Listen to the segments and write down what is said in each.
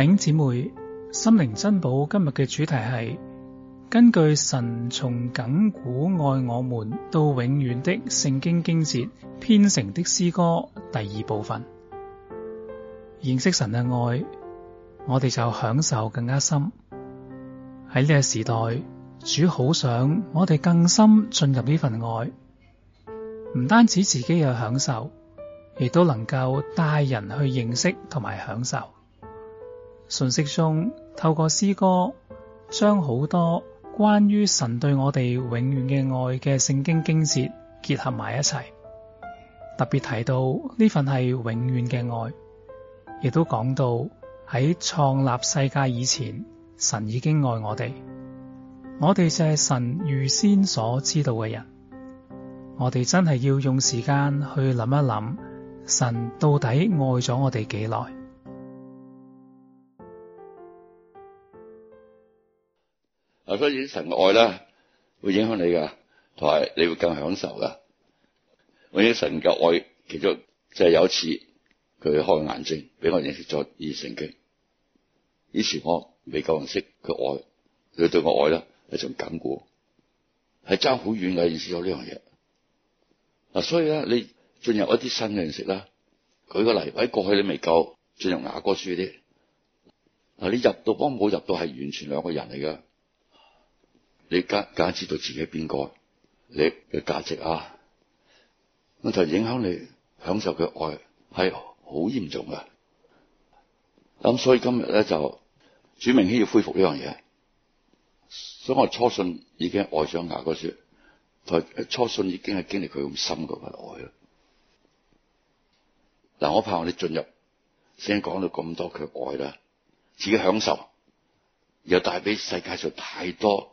弟兄姐妹，心靈珍寶今日嘅主題係根據神從亙古愛我們到永遠的聖經經節編成的詩歌第二部分。認識神嘅愛，我哋就享受更加深。喺呢個時代，主好想我哋更深進入呢份愛，唔單止自己有享受，亦都能夠帶人去認識同埋享受。信息中透過詩歌，將好多關於神對我哋永遠嘅愛嘅聖經經節結合埋一齊，特別提到呢份係永遠嘅愛，亦都講到喺創立世界以前，神已經愛我哋，我哋就係神預先所知道嘅人，我哋真係要用時間去諗一諗，神到底愛咗我哋幾耐。嗱，所以神嘅愛咧，會影響你㗎，同埋你會更享受㗎。我應神嘅愛，其中就係有一次，佢開眼睛俾我認識咗《以性經》。以前我未夠認識佢愛，佢對我愛咧一種感顧，係爭好遠嘅。認識咗呢樣嘢嗱，所以咧，你進入一啲新嘅認識啦。舉個例位，過去你未夠進入雅歌書啲嗱，你入到光冇入到係完全兩個人嚟㗎。你假假知道自己係邊個，你嘅價值啊？咁就影響你享受嘅愛係好嚴重嘅。咁所以今日咧就主明希要恢復呢樣嘢，所以我初信已經愛上雅歌書，初信已經係經歷佢咁深嘅個愛啦。嗱，我怕我哋進入先講到咁多佢嘅愛啦，自己享受又帶俾世界上太多。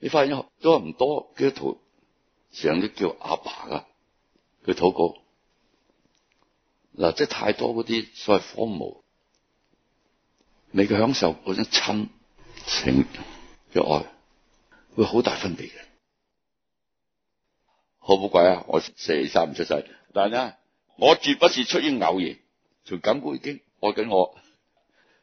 你發現咗都話唔多幾多圖，成日都叫阿爸㗎。佢吐告即係太多嗰啲所謂荒無，你嘅享受嗰種親情嘅愛，會好大分別嘅。好古怪呀、啊，我四三唔出世，但係呢，我絕不是出於偶然。從亙古已經愛緊我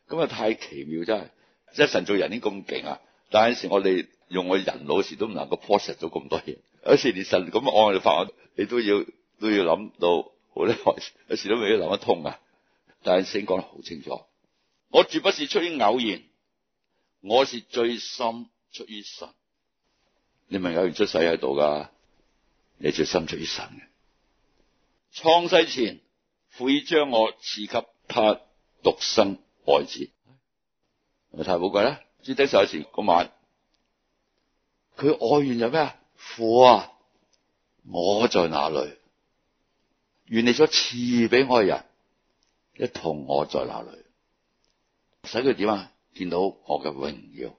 咁啊，就太奇妙真係！即係神造人已經咁勁呀。但係有時我哋。用我人老時都唔能夠 process 到咁多嘢。有時連神咁按我哋法，我你都要都要諗到好啲，有時都未諗得通啊。但係先講得好清楚，我絕不是出於偶然，我是最深出於神。你唔係偶然出世喺度㗎，你最深出於神嘅。創世前，父已將我賜給他獨生愛子，是是太寶貴啦！主的受時嗰晚。佢愛完就咩啊？父啊，我在哪裏？願你所賜俾我嘅人一同我在哪裏？使佢點啊？見到我嘅榮耀，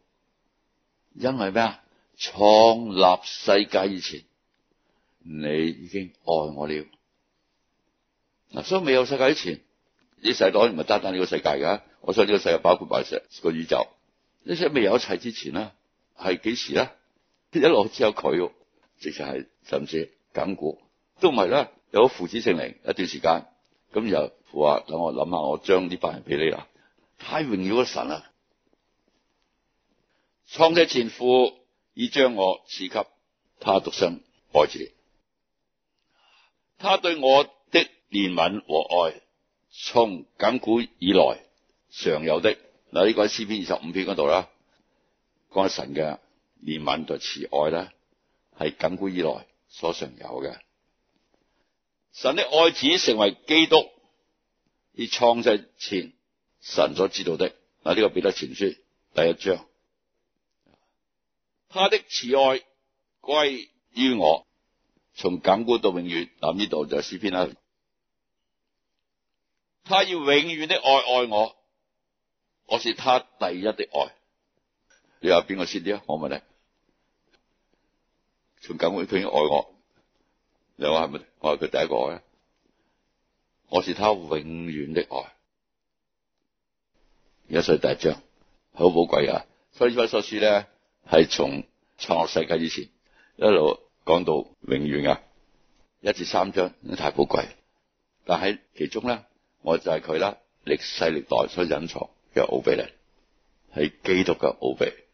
因為咩啊？創立世界以前，你已經愛我了。嗱，所以未有世界以前，呢世代唔係單單呢個世界噶，我所呢個世界包括埋成個宇宙。呢些未有一切之前咧，係幾時咧？一落只有佢，直情係甚至是亙古都唔係啦。有父子聖靈一段時間，咁父話等我諗下，我將呢班人俾你啦。太榮耀嘅神啊！創世前父已將我賜給他獨生愛子，他對我的憐憫和愛，從亙古以來常有的嗱，呢、這個喺詩篇二十五篇嗰度啦，講神嘅。憐憫就慈愛啦，係亙古以來所常有嘅。神的愛子成為基督，以創世前神所知道的，嗱、這、呢個彼得前書第一章，他的慈愛歸於我，從亙古到永遠。嗱，呢度就詩篇啦，他要永遠的愛愛我，我是他第一的愛。你話邊個先啲啊？我問你，從亙古佢已經愛我，你話係咪？我係佢第一個愛。我是他永遠的愛。一歲第一章係好寶貴，所以位所呢以弗所書咧係從創世界以前一路講到永遠啊，一至三章太寶貴。但喺其中咧，我就係佢啦，歷世歷代所隱藏嘅奧秘咧，係基督嘅奧秘。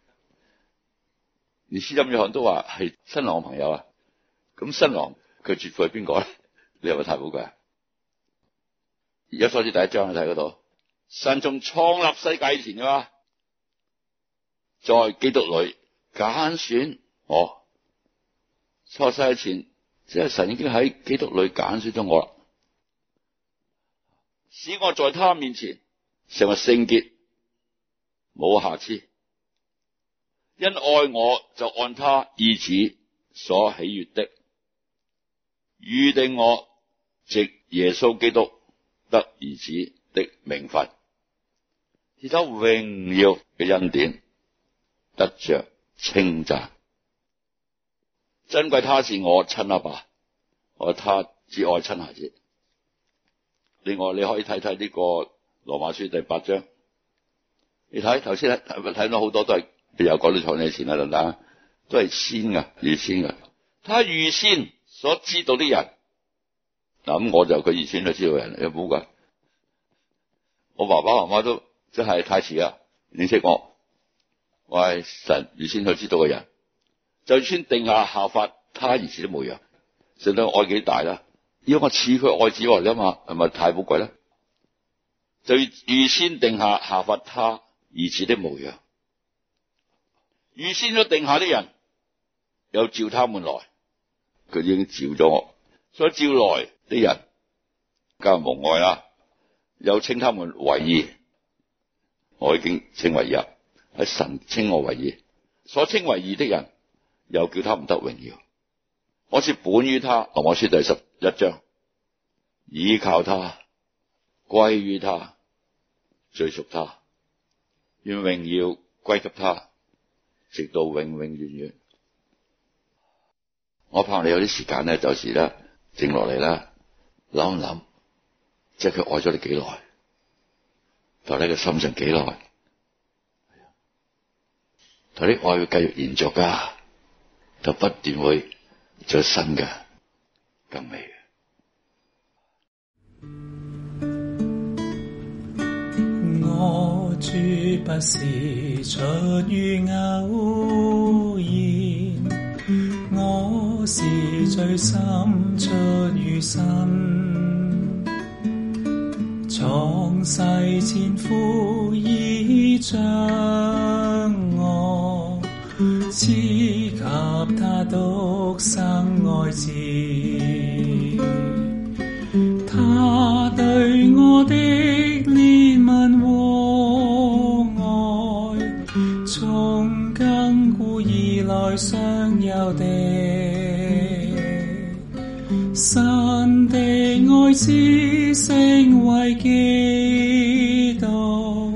而施洗約翰都話係新郎朋友啊，咁新郎佢絕對係邊個咧？你有冇睇到佢？啊？而家翻轉第一章，你睇嗰度，神從創立世界以前啊，在基督裏揀選我，哦，創世以前即係神已經喺基督裏揀選咗我啦，使我在他面前成為聖潔，冇瑕疵。因愛我就按他意旨所喜悅的預定，我藉耶穌基督得兒子的名分，使他榮耀嘅恩典，得着稱讚。珍貴，他是我親阿爸，爸，我他至愛親孩子。另外你可以睇睇呢個羅馬書第八章，你睇頭先睇睇到好多都係。你又講到創世前啦，等等，都係先噶，預先噶他預先所知道啲人，咁我就佢預先就知道嘅人，有冇鬼？我爸爸媽媽都真係太遲啦。你識我，我係神預先所知道嘅人，就先定下效法他兒子的模樣，上得愛幾大啦？要我似佢愛子，你諗下係咪太寶貴咧？就預先定下效法他兒子的模樣。預先都定下啲人，又召他們來，佢已經召咗我。所以召來啲人，家無外啦，又稱他們為義，我已經稱為義，喺神稱我為義。所稱為義的人，又叫他們得榮耀。我說本於他，和我說第十一章，依靠他，歸於他，最屬他，願榮耀歸給他。直到永永遠遠，我怕你有啲時間呢，就時啦，靜落嚟啦，諗一諗，即係佢愛咗你幾耐，同埋喺佢心上幾耐，同啲愛會繼續延續噶，就不斷會做新嘅更美嘅。我。我絕不是出於偶然，我是最深出於神，創世前父已將我，賜給他獨生愛子。子成為基督，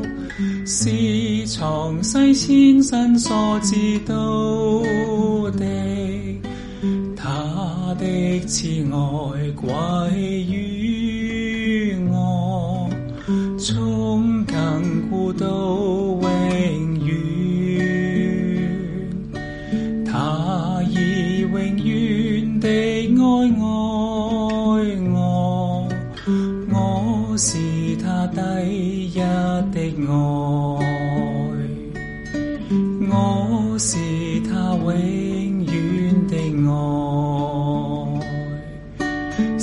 是創世前神所知道的，他的慈愛歸於。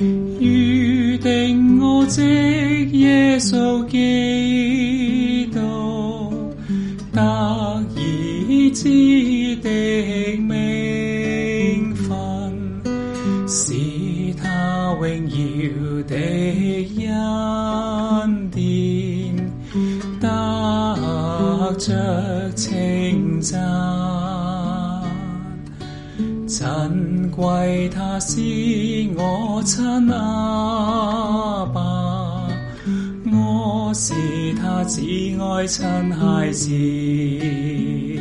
預定我藉耶穌基督，得兒子的名分，使他榮耀的恩典，得着稱讚。珍貴他是我親阿爸，爸，我是他至愛親孩子。